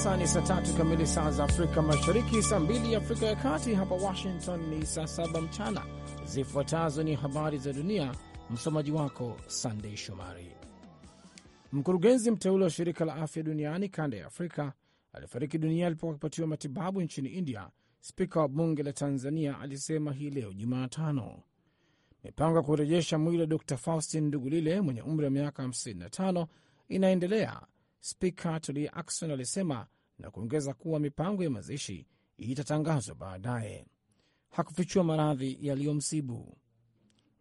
sasa ni saa tatu kamili saa za Afrika Mashariki, saa mbili Afrika ya Kati. Hapa Washington ni saa saba mchana. Zifuatazo ni habari za dunia, msomaji wako Sandei Shomari. Mkurugenzi mteule wa shirika la afya duniani kanda ya Afrika alifariki dunia alipokuwa akipatiwa matibabu nchini India. Spika wa bunge la Tanzania alisema hii leo Jumatano mipango ya kurejesha mwili wa Dr Faustin Ndugulile mwenye umri wa miaka 55 inaendelea Spika Tulia Akson alisema na kuongeza kuwa mipango ya mazishi itatangazwa baadaye. Hakufichua maradhi yaliyomsibu.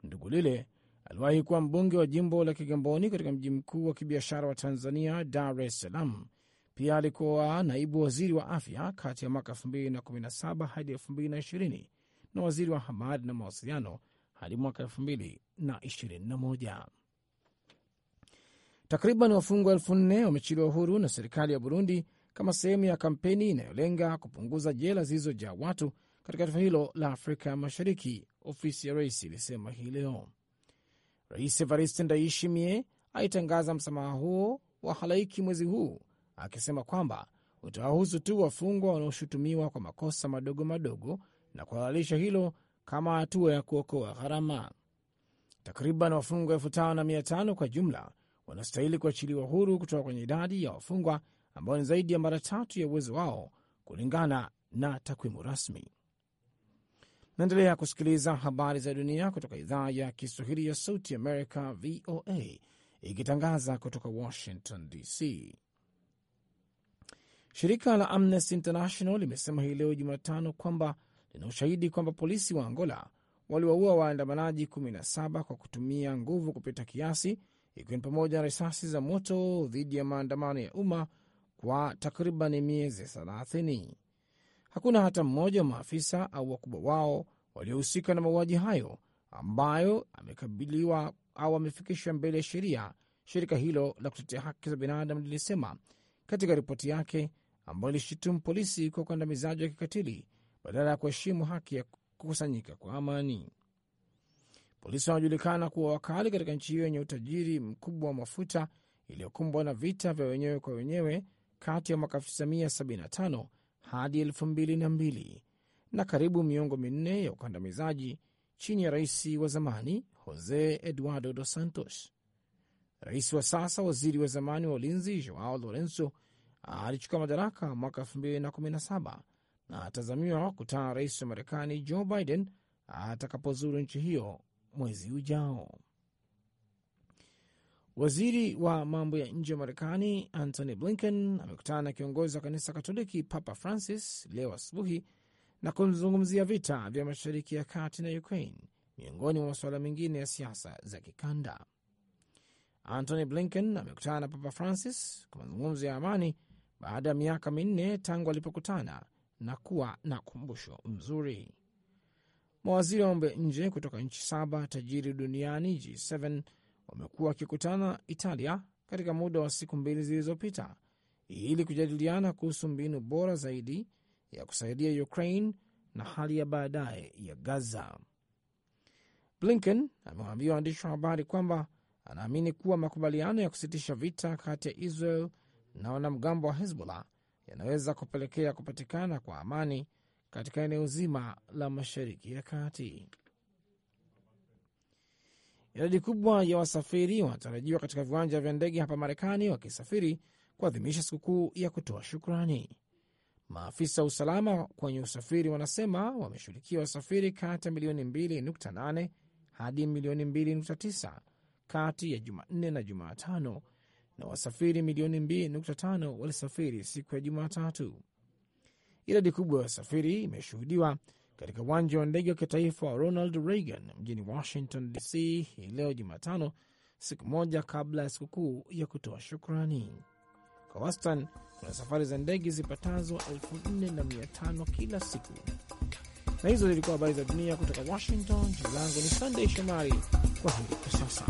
Ndugu Lile aliwahi kuwa mbunge wa jimbo la Kigamboni katika mji mkuu wa kibiashara wa Tanzania, Dar es Salaam. Pia alikuwa naibu waziri wa afya kati ya mwaka 2017 hadi 2020 na waziri wa habari na mawasiliano hadi mwaka 2021. Takriban wafungwa elfu nne wamechiliwa huru na serikali ya Burundi kama sehemu ya kampeni inayolenga kupunguza jela zilizojaa watu katika taifa hilo la Afrika Mashariki, ofisi ya rais ilisema hii leo. Rais Evariste Ndayishimiye alitangaza msamaha huo wa halaiki mwezi huu akisema kwamba utawahusu tu wafungwa wanaoshutumiwa kwa makosa madogo madogo na kuhalalisha hilo kama hatua ya kuokoa gharama. Takriban wafungwa elfu tano na mia tano kwa jumla wanastahili kuachiliwa huru kutoka kwenye idadi ya wafungwa ambao ni zaidi ya mara tatu ya uwezo wao kulingana na takwimu rasmi. Naendelea kusikiliza habari za dunia kutoka idhaa ya Kiswahili ya Sauti Amerika, VOA, ikitangaza kutoka Washington DC. Shirika la Amnesty International limesema hii leo Jumatano kwamba lina ushahidi kwamba polisi wa Angola waliwaua waandamanaji 17 kwa kutumia nguvu kupita kiasi ikiwa ni pamoja na risasi za moto dhidi ya maandamano ya umma kwa takriban miezi thelathini Hakuna hata mmoja wa maafisa au wakubwa wao waliohusika na mauaji hayo ambayo amekabiliwa au amefikishwa mbele ya sheria, shirika hilo la kutetea haki za binadamu lilisema katika ripoti yake ambayo ilishitumu polisi kwa ukandamizaji wa kikatili badala ya kuheshimu haki ya kukusanyika kwa amani. Polisi wanajulikana kuwa wakali katika nchi hiyo yenye utajiri mkubwa wa mafuta iliyokumbwa na vita vya wenyewe kwa wenyewe kati ya mwaka 1975 hadi 2002 na karibu miongo minne ya ukandamizaji chini ya rais wa zamani Jose Eduardo Dos Santos. Rais wa sasa, waziri wa zamani wa ulinzi Joao Lorenzo alichukua madaraka mwaka 2017 na atazamiwa kutana rais wa Marekani Joe Biden atakapozuru nchi hiyo mwezi ujao. Waziri wa mambo ya nje wa Marekani Antony Blinken amekutana na kiongozi wa kanisa Katoliki Papa Francis leo asubuhi na kuzungumzia vita vya Mashariki ya Kati na Ukraine, miongoni mwa masuala mengine ya siasa za kikanda. Antony Blinken amekutana na Papa Francis kwa mazungumzo ya amani baada ya miaka minne tangu alipokutana na kuwa na kumbusho mzuri. Mawaziri wa mambo ya nje kutoka nchi saba tajiri duniani G7 wamekuwa wakikutana Italia katika muda wa siku mbili zilizopita ili kujadiliana kuhusu mbinu bora zaidi ya kusaidia Ukraine na hali ya baadaye ya Gaza. Blinken amewaambia waandishi wa habari kwamba anaamini kuwa makubaliano ya kusitisha vita kati ya Israel na wanamgambo wa Hezbollah yanaweza kupelekea kupatikana kwa amani katika eneo zima la Mashariki ya Kati. Idadi kubwa ya wasafiri wanatarajiwa katika viwanja vya ndege hapa Marekani wakisafiri kuadhimisha sikukuu ya kutoa shukrani. Maafisa wa usalama kwenye usafiri wanasema wameshughulikia wasafiri kati ya milioni 2.8 hadi milioni 2.9 kati ya Jumanne na Jumatano, na wasafiri milioni 2.5 walisafiri siku ya Jumatatu. Idadi kubwa ya wasafiri imeshuhudiwa katika uwanja wa ndege wa kitaifa wa Ronald Reagan mjini Washington DC hii leo Jumatano, siku moja kabla ya sikukuu ya kutoa shukrani. Kwa wastani kuna safari za ndege zipatazo 4500 kila siku. Na hizo zilikuwa habari za dunia kutoka Washington. Jina langu ni Sandey Shomari. Kwa hili kwa sasa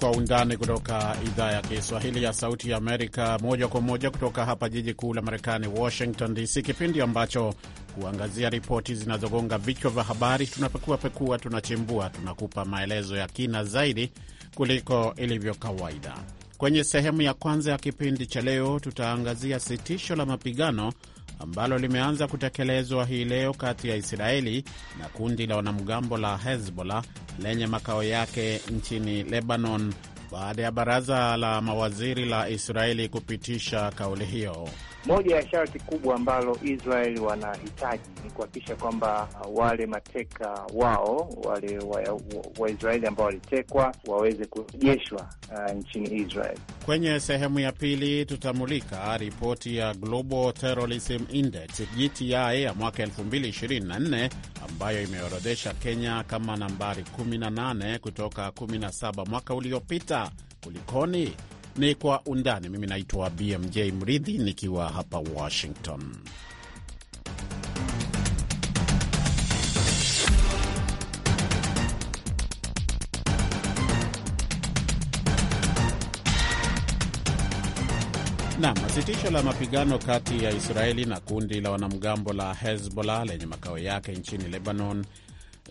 Kwa Undani kutoka idhaa ya Kiswahili ya Sauti ya Amerika, moja kwa moja kutoka hapa jiji kuu la Marekani, Washington DC, kipindi ambacho huangazia ripoti zinazogonga vichwa vya habari. Tunapekuapekua, tunachimbua, tunakupa maelezo ya kina zaidi kuliko ilivyo kawaida. Kwenye sehemu ya kwanza ya kipindi cha leo, tutaangazia sitisho la mapigano ambalo limeanza kutekelezwa hii leo kati ya Israeli na kundi la wanamgambo la Hezbollah lenye makao yake nchini Lebanon baada ya baraza la mawaziri la Israeli kupitisha kauli hiyo. Moja ya sharti kubwa ambalo Israel wanahitaji ni kuhakikisha kwamba wale mateka wao wale Waisraeli wa, wa ambao walitekwa waweze kurejeshwa uh, nchini Israel. Kwenye sehemu ya pili tutamulika ripoti ya Global Terrorism Index GTI ya mwaka 2024 ambayo imeorodhesha Kenya kama nambari 18 kutoka 17 mwaka uliopita. Kulikoni? ni Kwa Undani. Mimi naitwa BMJ Mridhi nikiwa hapa Washington. Nam, sitisho la mapigano kati ya Israeli na kundi la wanamgambo la Hezbollah lenye makao yake nchini Lebanon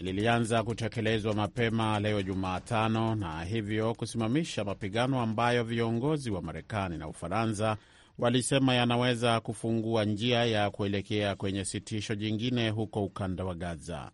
lilianza kutekelezwa mapema leo Jumatano na hivyo kusimamisha mapigano ambayo viongozi wa Marekani na Ufaransa walisema yanaweza kufungua njia ya kuelekea kwenye sitisho jingine huko ukanda wa Gaza.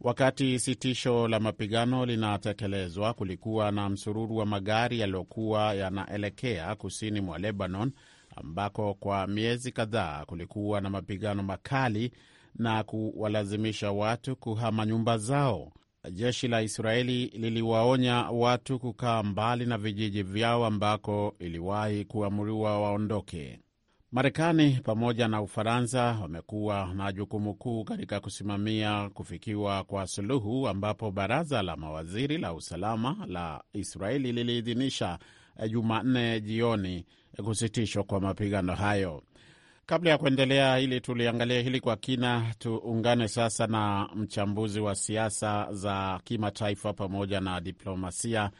Wakati sitisho la mapigano linatekelezwa, kulikuwa na msururu wa magari yaliyokuwa yanaelekea kusini mwa Lebanon ambako kwa miezi kadhaa kulikuwa na mapigano makali na kuwalazimisha watu kuhama nyumba zao. Jeshi la Israeli liliwaonya watu kukaa mbali na vijiji vyao ambako iliwahi kuamriwa waondoke. Marekani pamoja na Ufaransa wamekuwa na jukumu kuu katika kusimamia kufikiwa kwa suluhu, ambapo baraza la mawaziri la usalama la Israeli liliidhinisha Jumanne jioni kusitishwa kwa mapigano hayo. Kabla ya kuendelea hili, tuliangalia hili kwa kina. Tuungane sasa na mchambuzi wa siasa za kimataifa pamoja na diplomasia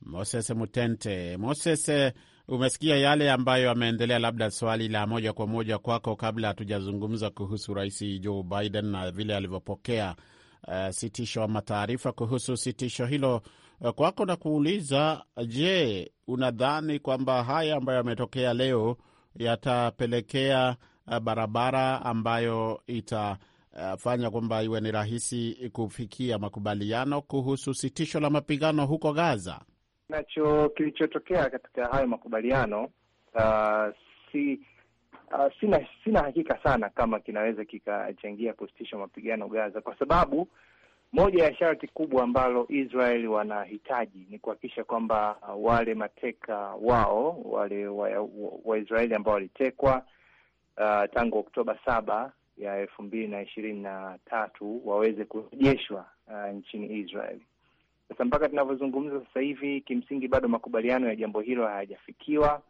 Moses Mutente. Moses, umesikia yale ambayo ameendelea. Labda swali la moja kwa moja kwako, kabla hatujazungumza kuhusu Rais Joe Biden na vile alivyopokea uh, sitisho ama taarifa kuhusu sitisho hilo uh, kwako na kuuliza, je, unadhani kwamba haya ambayo yametokea leo yatapelekea eh, barabara ambayo itafanya kwamba iwe ni rahisi kufikia makubaliano kuhusu sitisho la mapigano huko Gaza. Nacho kilichotokea katika hayo makubaliano uh, si Uh, sina sina hakika sana kama kinaweza kikachangia kusitisha mapigano Gaza, kwa sababu moja ya sharti kubwa ambalo israel wanahitaji ni kuhakikisha kwamba wale mateka wao wale Waisraeli wa, wa ambao walitekwa uh, tangu Oktoba saba ya elfu mbili na ishirini na tatu waweze kurejeshwa uh, nchini Israel. Sasa mpaka tunavyozungumza sasa hivi, kimsingi bado makubaliano ya jambo hilo hayajafikiwa.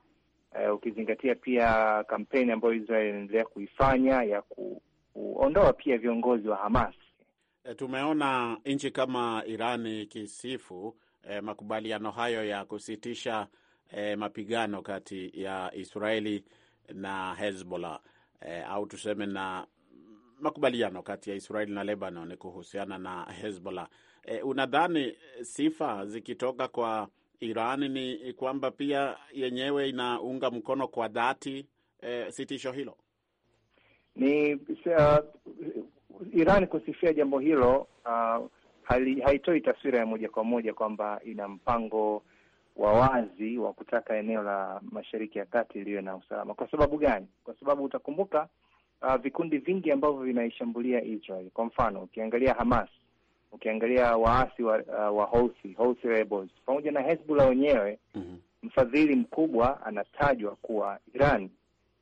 Uh, ukizingatia pia kampeni ambayo Israel inaendelea kuifanya ya ku, kuondoa pia viongozi wa Hamas Eh, tumeona nchi kama iran ikisifu eh, makubaliano hayo ya kusitisha eh, mapigano kati ya Israeli na Hezbollah eh, au tuseme na makubaliano kati ya Israeli na Lebanon kuhusiana na Hezbollah. Eh, unadhani sifa zikitoka kwa Iran ni kwamba pia yenyewe inaunga mkono kwa dhati eh, sitisho hilo? Ni eh, Iran kusifia jambo hilo uh, haitoi taswira ya moja kwa moja kwamba ina mpango wa wazi wa kutaka eneo la Mashariki ya Kati iliyo na usalama. Kwa sababu gani? Kwa sababu utakumbuka uh, vikundi vingi ambavyo vinaishambulia Israel. Kwa mfano, ukiangalia Hamas, ukiangalia waasi wa, uh, wa Houthi, Houthi rebels pamoja na Hezbollah wenyewe mm -hmm. Mfadhili mkubwa anatajwa kuwa Iran.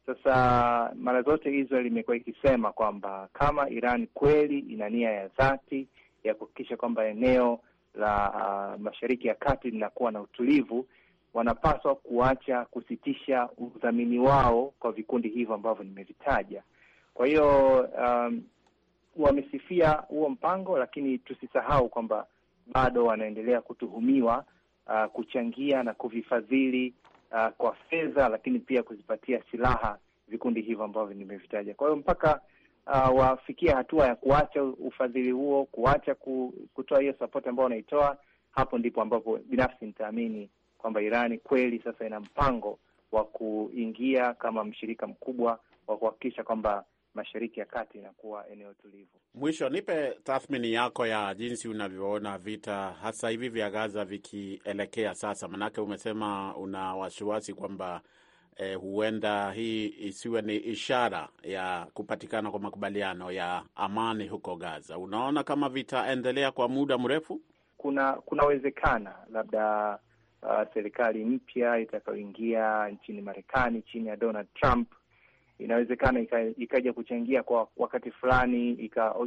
Sasa mara zote Israel imekuwa ikisema kwamba kama Iran kweli ina nia ya dhati ya kuhakikisha kwamba eneo la uh, Mashariki ya Kati linakuwa na utulivu, wanapaswa kuacha kusitisha udhamini wao kwa vikundi hivyo ambavyo nimevitaja. Kwa hiyo um, wamesifia huo mpango, lakini tusisahau kwamba bado wanaendelea kutuhumiwa uh, kuchangia na kuvifadhili uh, kwa fedha, lakini pia kuzipatia silaha vikundi hivyo ambavyo nimevitaja. Kwa hiyo mpaka uh, wafikia hatua ya kuacha ufadhili huo, kuacha kutoa hiyo sapoti ambao wanaitoa, hapo ndipo ambapo binafsi nitaamini kwamba Irani kweli sasa ina mpango wa kuingia kama mshirika mkubwa wa kuhakikisha kwamba Mashariki ya Kati na kuwa eneo tulivu. Mwisho, nipe tathmini yako ya jinsi unavyoona vita hasa hivi vya Gaza vikielekea sasa, manake umesema una wasiwasi kwamba eh, huenda hii isiwe ni ishara ya kupatikana kwa makubaliano ya amani huko Gaza. Unaona kama vitaendelea kwa muda mrefu? Kuna kunawezekana labda, uh, serikali mpya itakayoingia nchini Marekani chini ya Donald Trump inawezekana ikaja kuchangia kwa wakati fulani,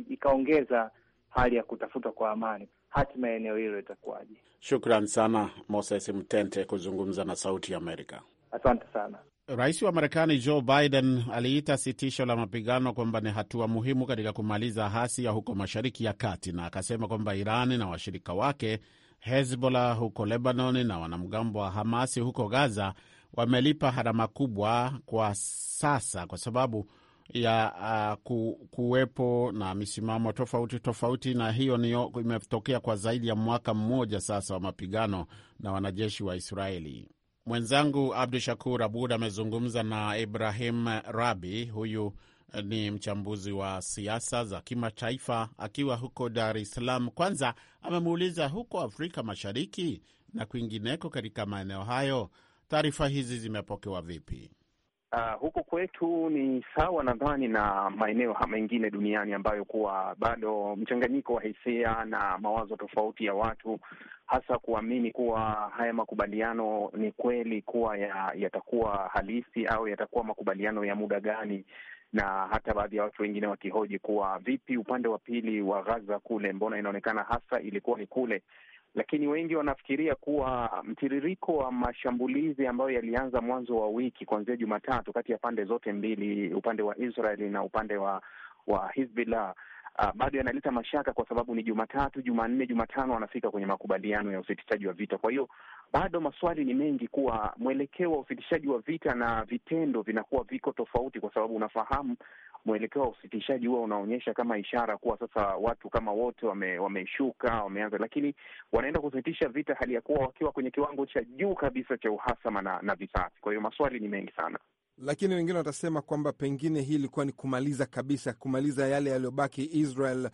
ikaongeza ika hali ya kutafuta kwa amani. Hatima ya eneo hilo itakuwaje? Shukran sana Moses Mtente kuzungumza na Sauti ya Amerika. Asante sana. Rais wa Marekani Joe Biden aliita sitisho la mapigano kwamba ni hatua muhimu katika kumaliza hasia huko Mashariki ya Kati, na akasema kwamba Irani na washirika wake Hezbollah huko Lebanon na wanamgambo wa Hamasi huko Gaza wamelipa harama kubwa kwa sasa kwa sababu ya uh, ku, kuwepo na misimamo tofauti tofauti, na hiyo niyo imetokea kwa zaidi ya mwaka mmoja sasa wa mapigano na wanajeshi wa Israeli. Mwenzangu Abdu Shakur Abud amezungumza na Ibrahim Rabi, huyu eh, ni mchambuzi wa siasa za kimataifa akiwa huko Dar es Salaam. Kwanza amemuuliza huko Afrika Mashariki na kwingineko katika maeneo hayo Taarifa hizi zimepokewa vipi? Uh, ah, huku kwetu ni sawa nadhani na maeneo mengine duniani ambayo kuwa bado mchanganyiko wa hisia na mawazo tofauti ya watu, hasa kuamini kuwa haya makubaliano ni kweli kuwa yatakuwa ya halisi au yatakuwa makubaliano ya muda gani, na hata baadhi ya watu wengine wakihoji kuwa vipi upande wa pili wa Gaza kule, mbona inaonekana hasa ilikuwa ni kule lakini wengi wanafikiria kuwa mtiririko wa mashambulizi ambayo yalianza mwanzo wa wiki kuanzia Jumatatu kati ya pande zote mbili, upande wa israel na upande wa wa Hizbullah Uh, bado yanaleta mashaka kwa sababu ni Jumatatu, Jumanne, Jumatano wanafika kwenye makubaliano ya usitishaji wa vita. Kwa hiyo bado maswali ni mengi kuwa mwelekeo wa usitishaji wa vita na vitendo vinakuwa viko tofauti, kwa sababu unafahamu mwelekeo wa usitishaji huwa unaonyesha kama ishara kuwa sasa watu kama wote wame, wameshuka wameanza, lakini wanaenda kusitisha vita hali ya kuwa wakiwa kwenye kiwango cha juu kabisa cha uhasama na, na visasi. Kwa hiyo maswali ni mengi sana lakini wengine watasema kwamba pengine hii ilikuwa ni kumaliza kabisa, kumaliza yale yaliyobaki. Israel,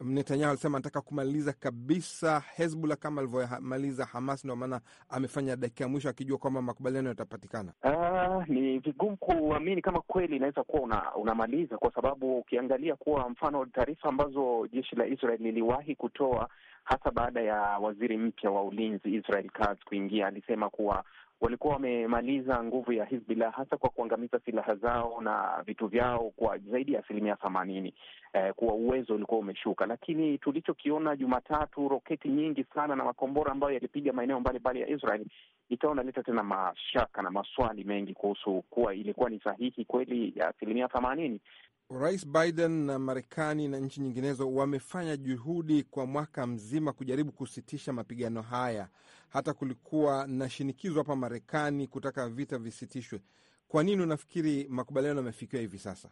Netanyahu alisema anataka kumaliza kabisa Hezbollah kama alivyomaliza Hamas. Ndio maana amefanya dakika ya mwisho akijua kwamba makubaliano yatapatikana. Ah, ni vigumu kuamini kama kweli inaweza kuwa una, unamaliza kwa sababu ukiangalia kuwa mfano taarifa ambazo jeshi la Israel liliwahi kutoa hasa baada ya waziri mpya wa ulinzi Israel Katz kuingia, alisema kuwa walikuwa wamemaliza nguvu ya Hizbillah hasa kwa kuangamiza silaha zao na vitu vyao kwa zaidi ya asilimia themanini. Eh, kuwa uwezo ulikuwa umeshuka, lakini tulichokiona Jumatatu, roketi nyingi sana na makombora ambayo yalipiga maeneo mbalimbali ya Israel, ikawa unaleta tena mashaka na maswali mengi kuhusu kuwa ilikuwa ni sahihi kweli ya asilimia themanini Rais Biden na Marekani na nchi nyinginezo wamefanya juhudi kwa mwaka mzima kujaribu kusitisha mapigano haya. Hata kulikuwa na shinikizo hapa Marekani kutaka vita visitishwe. Kwa nini unafikiri makubaliano yamefikiwa hivi sasa?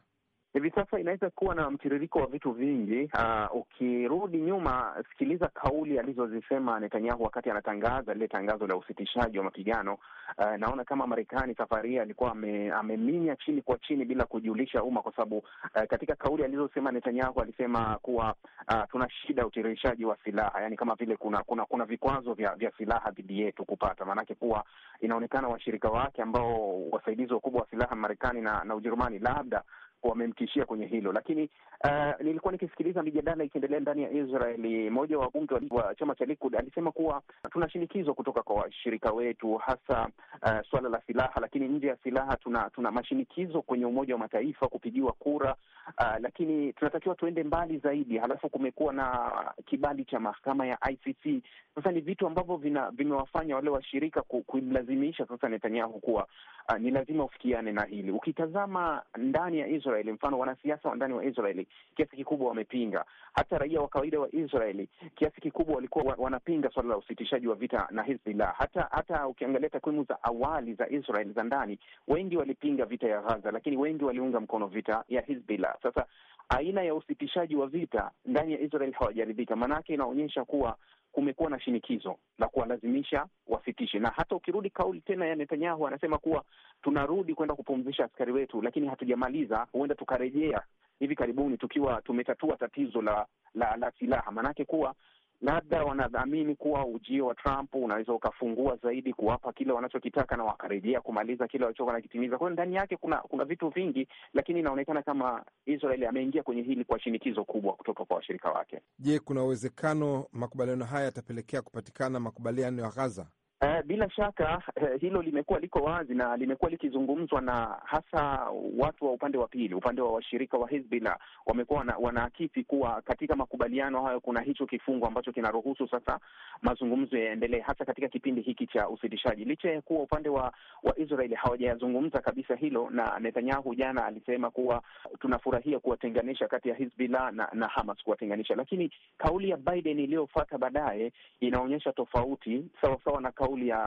hivi sasa inaweza kuwa na mtiririko wa vitu vingi. Uh, ukirudi nyuma, sikiliza kauli alizozisema Netanyahu wakati anatangaza lile tangazo la usitishaji wa mapigano. Uh, naona kama Marekani safari hii alikuwa ameminya chini kwa chini bila kujulisha umma, kwa sababu uh, katika kauli alizosema Netanyahu alisema kuwa uh, tuna shida ya utiririshaji wa silaha, yani kama vile kuna kuna kuna vikwazo vya, vya silaha dhidi yetu kupata, maanake kuwa inaonekana washirika wake ambao wasaidizi wakubwa wa silaha Marekani na, na Ujerumani labda wamemtishia kwenye hilo, lakini Uh, nilikuwa nikisikiliza mijadala ikiendelea ndani ya Israeli. Mmoja wa wabunge wa chama cha Likud alisema kuwa tuna shinikizo kutoka kwa washirika wetu, hasa uh, eh, suala la silaha, lakini nje ya silaha tuna tuna mashinikizo kwenye Umoja wa Mataifa kupigiwa kura uh, lakini tunatakiwa tuende mbali zaidi. Halafu kumekuwa na kibali cha mahakama ya ICC. Sasa ni vitu ambavyo vimewafanya wale washirika kumlazimisha sasa Netanyahu kuwa uh, ni lazima ufikiane na hili. Ukitazama ndani ya Israeli, mfano wanasiasa wa ndani wa Israeli kiasi kikubwa wamepinga. Hata raia wa kawaida wa Israeli kiasi kikubwa walikuwa wanapinga swala la usitishaji wa vita na Hizbullah. Hata hata ukiangalia takwimu za awali za Israel za ndani, wengi walipinga vita ya Gaza, lakini wengi waliunga mkono vita ya Hizbullah. Sasa aina ya usitishaji wa vita ndani ya Israel hawajaridhika, maanake inaonyesha kuwa kumekuwa na shinikizo la kuwalazimisha wasitishe. Na hata ukirudi kauli tena ya Netanyahu, anasema kuwa tunarudi kwenda kupumzisha askari wetu, lakini hatujamaliza, huenda tukarejea hivi karibuni, tukiwa tumetatua tatizo la la, la silaha, maanake kuwa labda wanadhamini kuwa ujio wa Trump unaweza ukafungua zaidi kuwapa kile wanachokitaka na wakarejea kumaliza kile walichokuwa nakitimiza. Kwa ndani yake kuna kuna vitu vingi, lakini inaonekana kama Israeli ameingia kwenye hili kwa shinikizo kubwa kutoka kwa washirika wake. Je, kuna uwezekano makubaliano haya yatapelekea kupatikana makubaliano ya ghaza Uh, bila shaka uh, hilo limekuwa liko wazi na limekuwa likizungumzwa na hasa watu wa upande wa pili, upande wa washirika wa Hezbollah wamekuwa wana, wanaakisi kuwa katika makubaliano hayo kuna hicho kifungo ambacho kinaruhusu sasa mazungumzo yaendelee, hasa katika kipindi hiki cha usitishaji, licha ya kuwa upande wa, wa Israeli hawajayazungumza kabisa hilo, na Netanyahu jana alisema kuwa tunafurahia kuwatenganisha kati ya Hezbollah na, na Hamas kuwatenganisha, lakini kauli ya Biden iliyofuata baadaye inaonyesha tofauti sawasawa na kauli kauli ya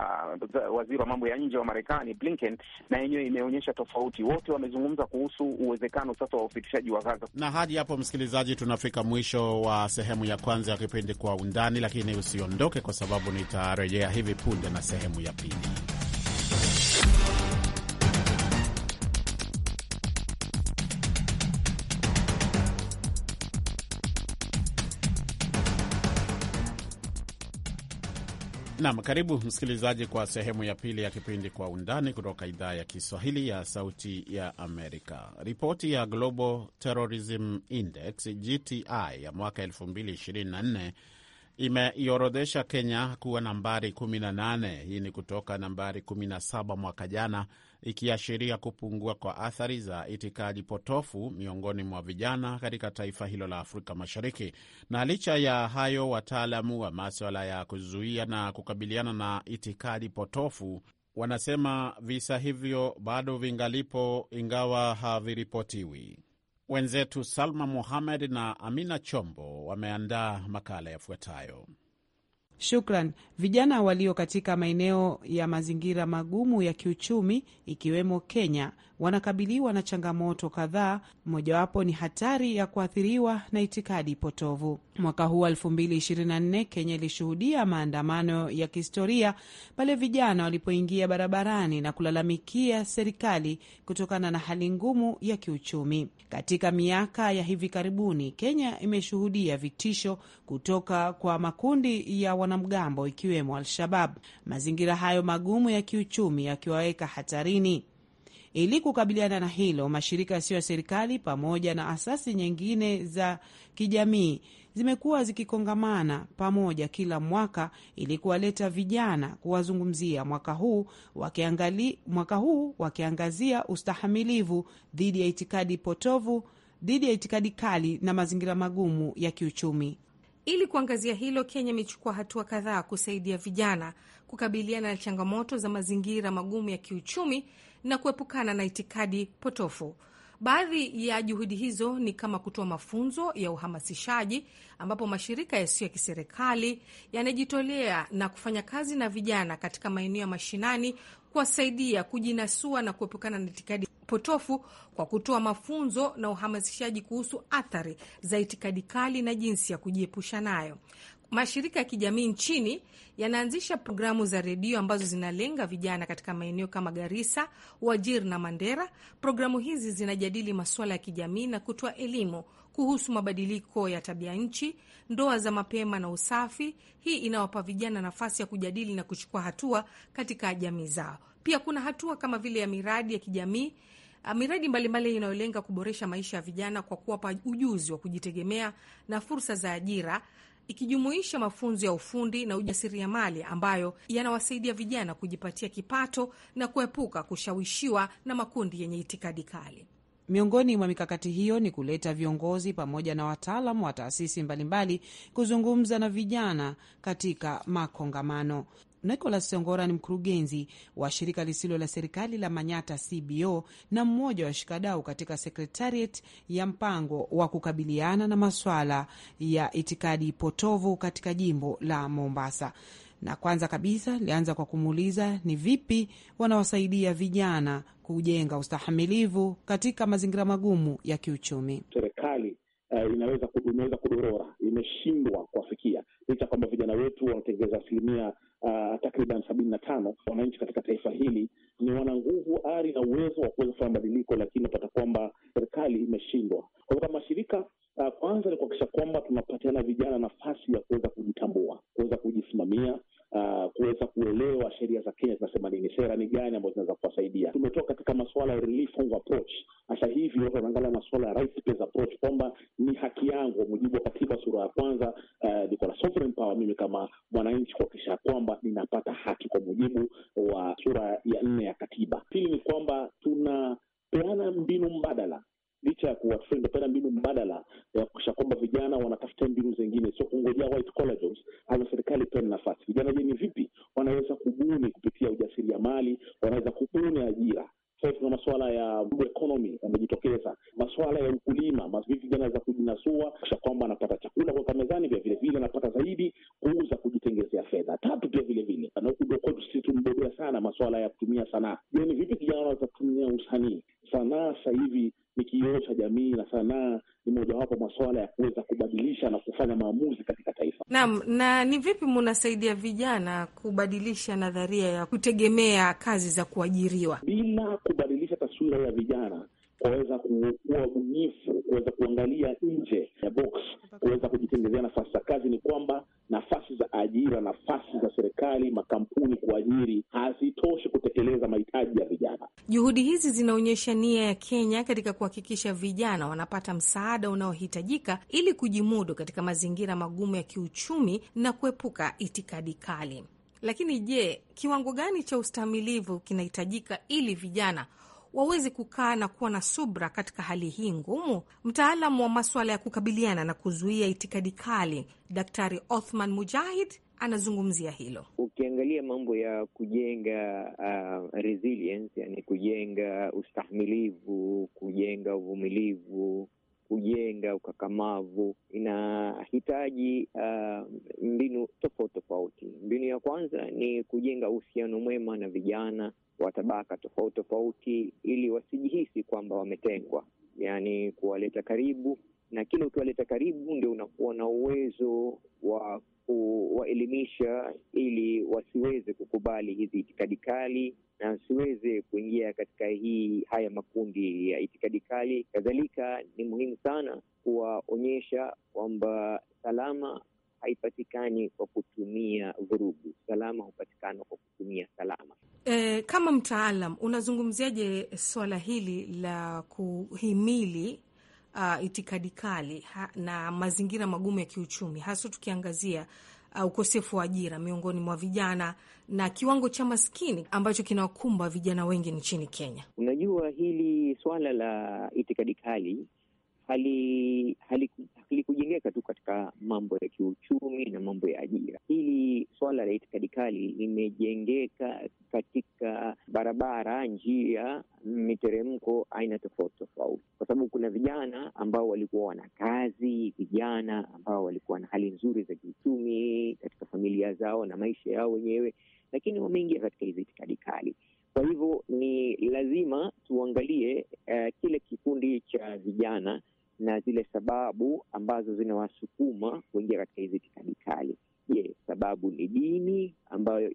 waziri wa mambo ya nje wa Marekani Blinken na yenyewe imeonyesha tofauti. Wote wamezungumza kuhusu uwezekano sasa wa ufikishaji wa Gaza. Na hadi hapo, msikilizaji, tunafika mwisho wa sehemu ya kwanza ya kipindi Kwa Undani, lakini usiondoke, kwa sababu nitarejea hivi punde na sehemu ya pili. Nam, karibu msikilizaji kwa sehemu ya pili ya kipindi Kwa Undani kutoka idhaa ya Kiswahili ya Sauti ya Amerika. Ripoti ya Global Terrorism Index GTI ya mwaka 2024 imeiorodhesha Kenya kuwa nambari 18. Hii ni kutoka nambari 17 mwaka jana, ikiashiria kupungua kwa athari za itikadi potofu miongoni mwa vijana katika taifa hilo la Afrika Mashariki. Na licha ya hayo, wataalamu wa maswala ya kuzuia na kukabiliana na itikadi potofu wanasema visa hivyo bado vingalipo, ingawa haviripotiwi. Wenzetu Salma muhamed na Amina Chombo wameandaa makala yafuatayo. Shukran. Vijana walio katika maeneo ya mazingira magumu ya kiuchumi ikiwemo Kenya wanakabiliwa na changamoto kadhaa, mojawapo ni hatari ya kuathiriwa na itikadi potovu. Mwaka huu 2024 Kenya ilishuhudia maandamano ya kihistoria pale vijana walipoingia barabarani na kulalamikia serikali kutokana na hali ngumu ya kiuchumi. Katika miaka ya hivi karibuni, Kenya imeshuhudia vitisho kutoka kwa makundi ya wanamgambo ikiwemo Al-Shabab, mazingira hayo magumu ya kiuchumi yakiwaweka hatarini ili kukabiliana na hilo, mashirika yasiyo ya serikali pamoja na asasi nyingine za kijamii zimekuwa zikikongamana pamoja kila mwaka ili kuwaleta vijana kuwazungumzia, mwaka huu wakiangali, mwaka huu wakiangazia ustahamilivu dhidi ya itikadi potovu, dhidi ya itikadi kali na mazingira magumu ya kiuchumi. Ili kuangazia hilo, Kenya imechukua hatua kadhaa kusaidia vijana kukabiliana na changamoto za mazingira magumu ya kiuchumi na kuepukana na itikadi potofu. Baadhi ya juhudi hizo ni kama kutoa mafunzo ya uhamasishaji ambapo mashirika yasiyo ya kiserikali yanajitolea na kufanya kazi na vijana katika maeneo ya mashinani kuwasaidia kujinasua na kuepukana na itikadi potofu kwa kutoa mafunzo na uhamasishaji kuhusu athari za itikadi kali na jinsi ya kujiepusha nayo mashirika ya kijamii nchini yanaanzisha programu za redio ambazo zinalenga vijana katika maeneo kama garisa Wajir na Mandera. Programu hizi zinajadili masuala ya kijamii na kutoa elimu kuhusu mabadiliko ya tabia nchi, ndoa za mapema na usafi. Hii inawapa vijana nafasi ya kujadili na kuchukua hatua katika jamii zao. Pia kuna hatua kama vile ya miradi ya kijamii ah, miradi mbalimbali inayolenga kuboresha maisha ya vijana kwa kuwapa ujuzi wa kujitegemea na fursa za ajira ikijumuisha mafunzo ya ufundi na ujasiriamali ambayo yanawasaidia vijana kujipatia kipato na kuepuka kushawishiwa na makundi yenye itikadi kali. Miongoni mwa mikakati hiyo ni kuleta viongozi pamoja na wataalamu wa taasisi mbalimbali kuzungumza na vijana katika makongamano. Nicholas Songora ni mkurugenzi wa shirika lisilo la serikali la Manyata CBO na mmoja wa shikadau katika sekretariat ya mpango wa kukabiliana na maswala ya itikadi potovu katika jimbo la Mombasa. Na kwanza kabisa lianza kwa kumuuliza ni vipi wanawasaidia vijana kujenga ustahamilivu katika mazingira magumu ya kiuchumi. Serikali uh, inaweza kudorora, imeshindwa kuwafikia licha kwamba vijana wetu wanatengeza asilimia uh, takriban sabini na tano. Wananchi katika taifa hili ni wana nguvu, ari na uwezo wa kuweza kufanya mabadiliko, lakini unapata kwamba serikali imeshindwa. Kwa hivyo kama uh, kwanza ni kuhakikisha kwamba tunapatiana vijana nafasi ya kuweza kujitambua, kuweza kujisimamia Uh, kuweza kuelewa sheria za Kenya zinasema nini, sera ni gani ambayo zinaweza kuwasaidia. Tumetoka katika masuala ya relief approach, hivi watu wanaangalia masuala ya rights based approach kwamba ni haki yangu kwa mujibu wa katiba sura ya kwanza, uh, niko na sovereign power mimi kama mwananchi kuhakikisha kwamba ninapata haki kwa mujibu wa sura ya nne ya katiba. Pili ni kwamba tunapeana mbinu mbadala licha ya kuwa mbinu mbadala ya kuhakikisha kwamba vijana wanatafuta mbinu zingine, sio kungojea white serikali pia nafasi vijana, je, ni vipi wanaweza kubuni kupitia ujasiriamali, wanaweza kubuni ajira kwa hiyo tuna masuala ya economy yamejitokeza, masuala ya ukulima, vipi vijana za kujinasua kisha kwamba anapata chakula kuweka mezani, pia vile vile anapata zaidi kuuza, kujitengezea fedha. Tatu, pia vile vile kwetu sisi tumebobea sana masuala ya kutumia sanaa. Yani vipi kijana wanaweza kutumia usanii, sanaa sasa hivi ni kioo cha jamii na sanaa ni mojawapo masuala ya kuweza kubadilisha na kufanya maamuzi katika taifa. Naam, na ni vipi munasaidia vijana kubadilisha nadharia ya kutegemea kazi za kuajiriwa? Bila kubadilisha taswira ya vijana, kuweza kuwa ubunifu kuweza kuangalia nje ya box, kuweza kujitengezea nafasi za kazi, ni kwamba nafasi za ajira, nafasi za serikali, makampuni kuajiri hazitoshi kutekeleza mahitaji ya vijana. Juhudi hizi zinaonyesha nia ya Kenya katika kuhakikisha vijana wanapata msaada unaohitajika ili kujimudu katika mazingira magumu ya kiuchumi na kuepuka itikadi kali. Lakini je, kiwango gani cha ustamilivu kinahitajika ili vijana wawezi kukaa na kuwa na subra katika hali hii ngumu. Mtaalamu wa maswala ya kukabiliana na kuzuia itikadi kali Daktari Othman Mujahid anazungumzia hilo. Ukiangalia mambo ya kujenga uh, resilience, yani kujenga ustahimilivu, kujenga uvumilivu, kujenga ukakamavu, inahitaji uh, mbinu tofauti tofauti. Mbinu ya kwanza ni kujenga uhusiano mwema na vijana wa tabaka tofauti tofauti, ili wasijihisi kwamba wametengwa, yaani kuwaleta karibu, na kile ukiwaleta karibu ndio unakuwa na uwezo wa kuwaelimisha ili wasiweze kukubali hizi itikadi kali na wasiweze kuingia katika hii haya makundi ya itikadi kali. Kadhalika ni muhimu sana kuwaonyesha kwamba salama haipatikani kwa kutumia vurugu. Salama hupatikana kwa kutumia salama. E, kama mtaalam unazungumziaje swala hili la kuhimili uh, itikadi kali na mazingira magumu ya kiuchumi, hasa tukiangazia uh, ukosefu wa ajira miongoni mwa vijana na kiwango cha maskini ambacho kinawakumba vijana wengi nchini Kenya. Unajua, hili swala la itikadi kali halikujengeka tu katika mambo ya kiuchumi na mambo ya ajira. Hili swala la itikadi kali limejengeka katika barabara, njia, miteremko aina tofauti tofauti, kwa sababu kuna vijana ambao walikuwa wana kazi, vijana ambao walikuwa na hali nzuri za kiuchumi katika familia zao na maisha yao wenyewe, lakini wameingia katika hizi itikadi kali. Kwa hivyo ni lazima tuangalie uh, kile kikundi cha vijana na zile sababu ambazo zinawasukuma kuingia katika hizi itikadi kali. Je, sababu ni dini ambayo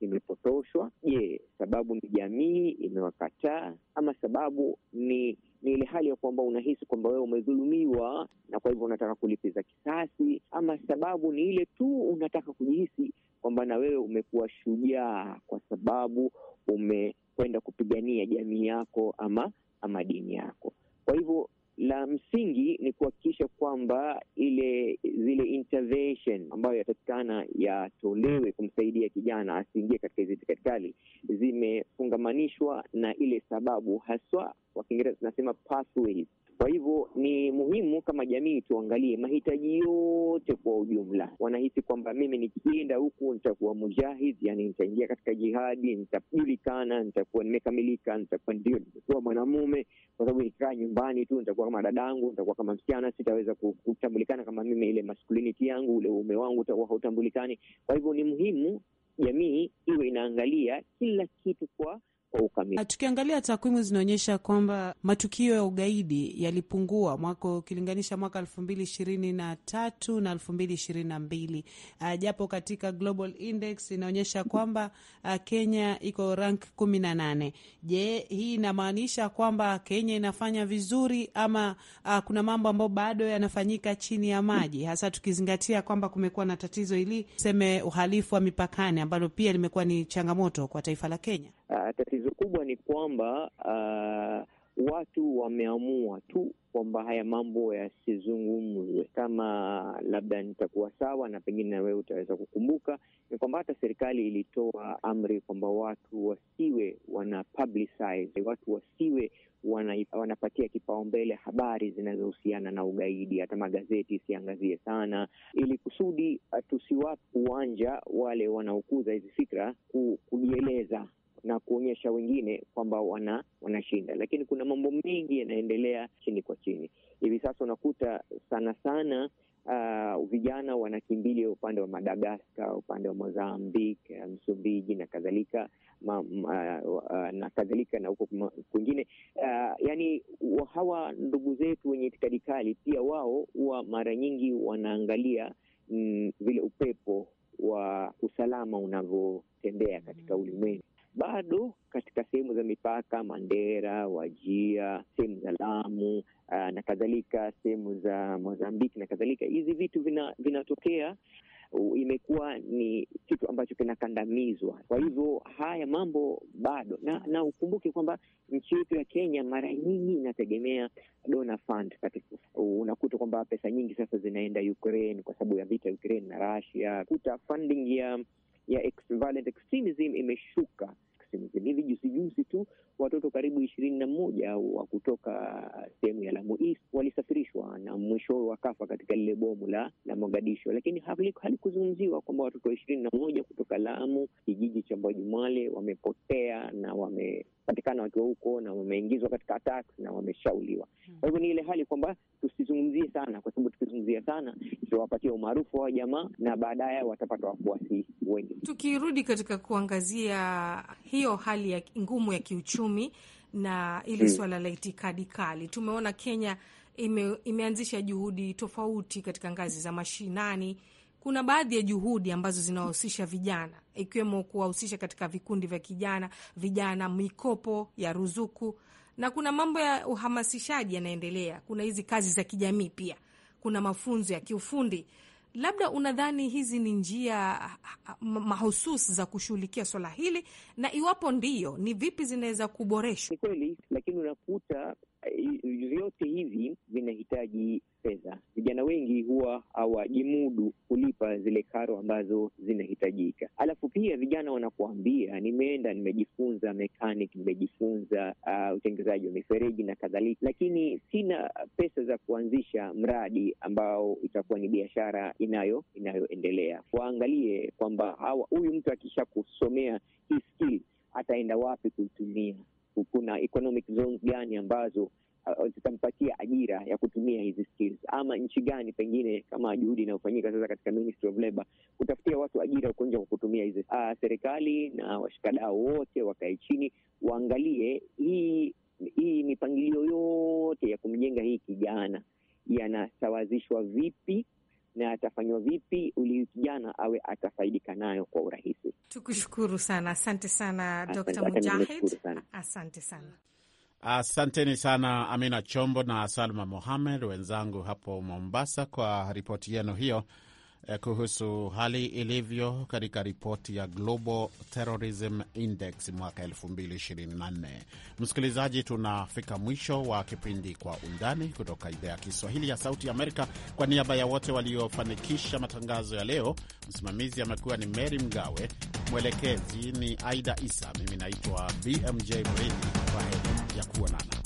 imepotoshwa? Je, sababu ni jamii imewakataa, ama sababu ni ni ile hali ya kwamba unahisi kwamba wewe umedhulumiwa na kwa hivyo unataka kulipiza kisasi, ama sababu ni ile tu unataka kujihisi kwamba na wewe umekuwa shujaa kwa sababu umekwenda kupigania jamii yako ama ama dini yako. Kwa hivyo la msingi ni kuhakikisha kwamba ile zile intervention ambayo yatakikana yatolewe kumsaidia kijana asiingie katika hizi itikadi zimefungamanishwa na ile sababu haswa, wakiingereza Kiingereza tunasema pathways kwa hivyo ni muhimu kama jamii tuangalie mahitaji yote kwa ujumla. Wanahisi kwamba mimi nikienda huku nitakuwa mujahid, yani nitaingia katika jihadi, nitajulikana, nitakuwa nimekamilika, nitakuwa ndio nitakuwa mwanamume, kwa sababu nikikaa nyumbani tu nitakuwa kama dadangu, nitakuwa kama msichana, sitaweza kutambulikana kama mimi, ile masculinity yangu, ule uume wangu utakuwa hautambulikani. Kwa hivyo ni muhimu jamii iwe inaangalia kila kitu kwa kwa ukamilifu. Ah, tukiangalia takwimu zinaonyesha kwamba matukio ya ugaidi yalipungua mwaka ukilinganisha mwaka elfu mbili ishirini na tatu na elfu mbili ishirini na mbili ah, japo katika Global Index inaonyesha kwamba uh, Kenya iko rank kumi na nane. Je, hii inamaanisha kwamba Kenya inafanya vizuri ama uh, kuna mambo ambayo bado yanafanyika chini ya maji, hasa tukizingatia kwamba kumekuwa na tatizo hili seme uhalifu wa mipakani ambalo pia limekuwa ni changamoto kwa taifa la Kenya? Uh, tatizo kubwa ni kwamba uh, watu wameamua tu kwamba haya mambo yasizungumzwe. Kama labda nitakuwa sawa na pengine na wewe utaweza kukumbuka, ni kwamba hata serikali ilitoa amri kwamba watu wasiwe wana publicize, watu wasiwe wana, wanapatia kipaumbele habari zinazohusiana na ugaidi. Hata magazeti isiangazie sana, ili kusudi ah, tusiwape uwanja wale wanaokuza hizi fikra kujieleza na kuonyesha wengine kwamba wana, wanashinda, lakini kuna mambo mengi yanaendelea chini kwa chini. Hivi sasa unakuta sana sana uh, vijana wanakimbilia upande wa Madagaskar, upande wa mozambik eh, Msumbiji na kadhalika ma, ma, uh, na kadhalika na huko kwingine uh, yani hawa ndugu zetu wenye itikadi kali pia wao huwa mara nyingi wanaangalia mm, vile upepo wa usalama unavyotembea katika mm. ulimwengu bado katika sehemu za mipaka Mandera, Wajia, sehemu za Lamu uh, na kadhalika, sehemu za Mozambiki na kadhalika, hizi vitu vinatokea vina imekuwa ni kitu ambacho kinakandamizwa. Kwa hivyo haya mambo bado na, na ukumbuke kwamba nchi yetu ya Kenya mara nyingi inategemea donor fund katika, unakuta kwamba pesa nyingi sasa zinaenda Ukraine kwa sababu ya vita Ukraine na Russia, kuta funding ya ya violent extremism imeshuka. Extremism. Hivi juzi juzi tu watoto karibu ishirini na moja wa kutoka sehemu ya Lamu East walisafirishwa na mwisho wakafa katika lile bomu la la Mogadisho, lakini halikuzungumziwa kwamba watoto ishirini na moja kutoka Lamu, kijiji cha Mbwajumwale, wamepotea na wame patikana wakiwa huko na wameingizwa katika attacks na wameshauliwa. Hmm. Kwa hivyo ni ile hali kwamba tusizungumzie sana, kwa sababu tukizungumzia sana tutawapatia umaarufu wa jamaa na baadaye watapata wafuasi wengi. Tukirudi katika kuangazia hiyo hali ya ngumu ya kiuchumi na hmm, suala la itikadi kali, tumeona Kenya ime, imeanzisha juhudi tofauti katika ngazi za mashinani. Kuna baadhi ya juhudi ambazo zinawahusisha vijana ikiwemo kuwahusisha katika vikundi vya kijana vijana, mikopo ya ruzuku, na kuna mambo ya uhamasishaji yanaendelea. Kuna hizi kazi za kijamii pia, kuna mafunzo ya kiufundi. Labda unadhani hizi ni njia mahususi za kushughulikia swala hili, na iwapo ndiyo, ni vipi zinaweza kuboreshwa? Ni kweli, lakini unakuta vyote hivi vinahitaji fedha. Vijana wengi huwa hawajimudu kulipa zile karo ambazo zinahitajika. Alafu pia vijana wanakuambia nimeenda, nimejifunza mechanic, nimejifunza uh, utengenezaji wa mifereji na kadhalika, lakini sina pesa za kuanzisha mradi ambao itakuwa ni biashara inayo inayoendelea. Waangalie kwamba huyu mtu kusomea hii skill ataenda wapi kuitumia kuna economic zones gani ambazo uh, zitampatia ajira ya kutumia hizi skills, ama nchi gani pengine, kama juhudi inayofanyika sasa katika Ministry of Labor kutafutia watu ajira huko kwa kutumia hizi uh, serikali na washikadao wote wakae chini waangalie hii hii mipangilio yote ya kumjenga hii kijana yanasawazishwa vipi na atafanywa vipi uli kijana awe atafaidika nayo kwa urahisi. Tukushukuru sana, asante sana Dr. Mujahid, asante sana. Asanteni sana Amina Chombo na Salma Mohamed, wenzangu hapo Mombasa, kwa ripoti yenu hiyo Eh, kuhusu hali ilivyo katika ripoti ya Global Terrorism Index mwaka 2024. Msikilizaji, tunafika mwisho wa kipindi Kwa Undani kutoka idhaa ya Kiswahili ya Sauti Amerika. Kwa niaba ya wote waliofanikisha matangazo ya leo, msimamizi amekuwa ni Mary Mgawe, mwelekezi ni Aida Isa, mimi naitwa BMJ Mridhi. Kwa heri ya kuonana.